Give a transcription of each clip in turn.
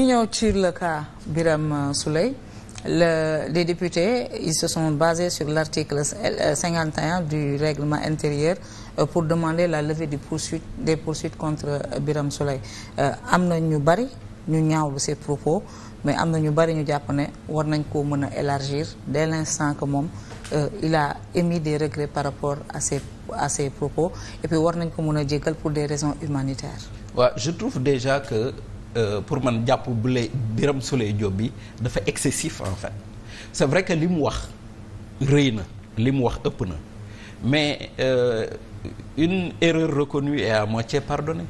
ñu ñëw ci le cas biram Souleye le les députés ils se sont basés sur l'article 51 du règlement intérieur euh, pour demander la levée des poursuites des poursuites contre biram Souleye euh, am na ñu bari ñu ñaawlu ces propos mais am na ñu bari ñu jàpp ne war nañ ko mën a élargir dès l'instant que moom euh, il a émis des regrets par rapport à ses à ses propos et puis war nañ ko mën a jéggal pour des raisons humanitaires. je trouve déjà que Euh, pour man jàpp bu biram Birame Souleye Diop bi dafa excessif en fait c'est vrai que li mu wax rëy na li mu wax ëpp na mais euh, une erreur reconnue et à moitié pardonnée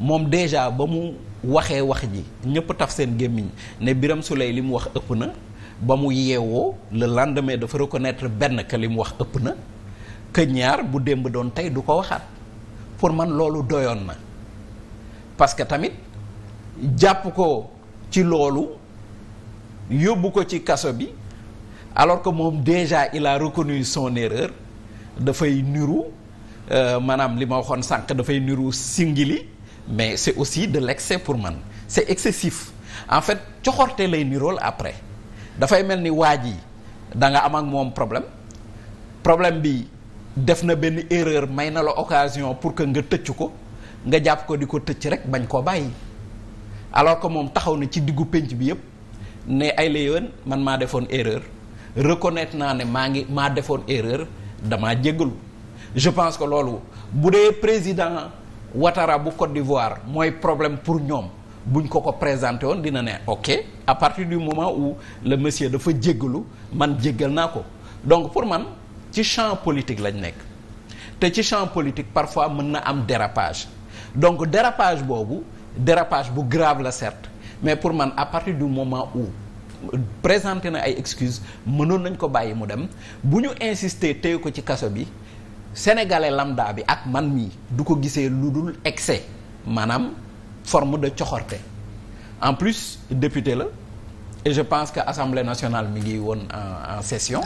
moom déjà ba mu waxee wax ji ñëpp taf seen gémmiñ ne biram Souleye li mu wax ëpp na ba mu yeewoo le lendemain dafa reconnaître benn que li mu wax ëpp na que bu démb doon tey du ko waxaat pour man loolu doyoon na parce que tamit jàpp ko ci loolu yóbbu ko ci kaso bi alors que moom déjà il la reconnu son erreur dafay niru euh, maanaam li ma waxoon sànq dafay niru singili mais c'est aussi de l'excès pour man c'est excessif en fait coxorte lay nirool après dafay mel ni waa ji danga am ak moom problème problème bi def na benn erreur may na la occasion pour que nga tëcc ko nga jàpp ko di ko tëcc rek bañ koo bàyyi alors que moom taxaw na ci diggu pénc bi yëpp ne ay la yéwén man maa defoon erreur reconnaitre naa ne maa ngi maa defoon erreur damaa jéggalu je pense que loolu bu dee président watara bu Côte d'Ivoire mooy problème pour ñoom buñ ko ko présenté woon dina ne ok à partir du moment où le monsieur dafa jéggalu man jéggal naa ko donc pour man ci champ politique lañ nekk te ci champ politique parfois mën na am dérapage donc dérapage boobu dérapage bu grave la certes mais pour man à partir du moment où présenter na ay excuses mënoon nañ ko bàyyi mu dem bu ñu insister tey ko ci kaso bi sénégalais lambda bi ak man mii du ko gisee lu dul excès maanaam forme de coxorte en plus député la et je pense que assemblée nationale mi ngi woon en session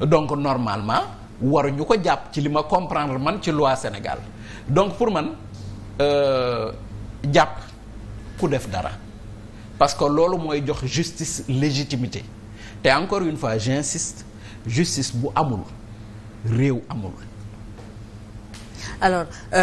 donc normalement waruñu ko jàpp ci li ma comprendre man ci loi Sénégal donc pour man euh, jàpp ku def dara parce que loolu mooy jox justice légitimité te encore une fois j'insiste justice bu amul réew amul euh,